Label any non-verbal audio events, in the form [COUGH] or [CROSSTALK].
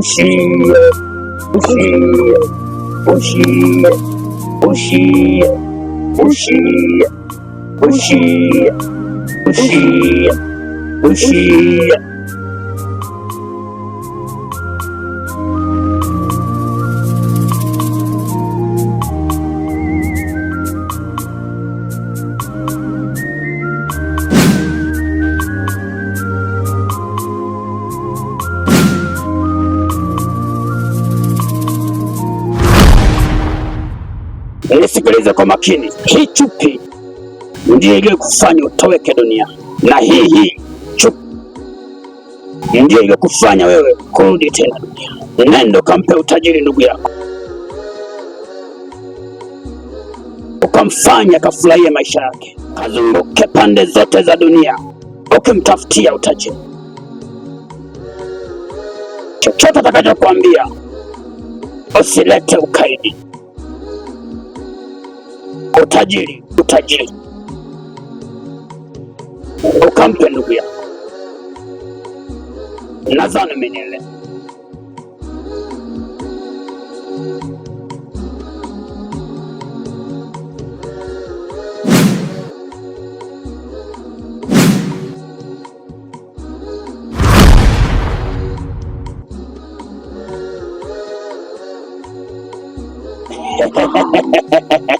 Ushia, Ushia, Ushia, Ushia, Ushia, Ushia, Ushia, Ushia. nisikilize kwa makini. Hii chupi ndiyo iliyokufanya utoweke dunia na hii hii chupi ndiyo iliyokufanya wewe kurudi tena duniani. nendo kampe utajiri ndugu yako, ukamfanya akafurahia maisha yake, kazunguke pande zote za dunia ukimtafutia utajiri. Chochote atakachokuambia usilete ukaidi utajiri, utajiri ukampe ndugu yako. Nadhani umenielewa. [LAUGHS]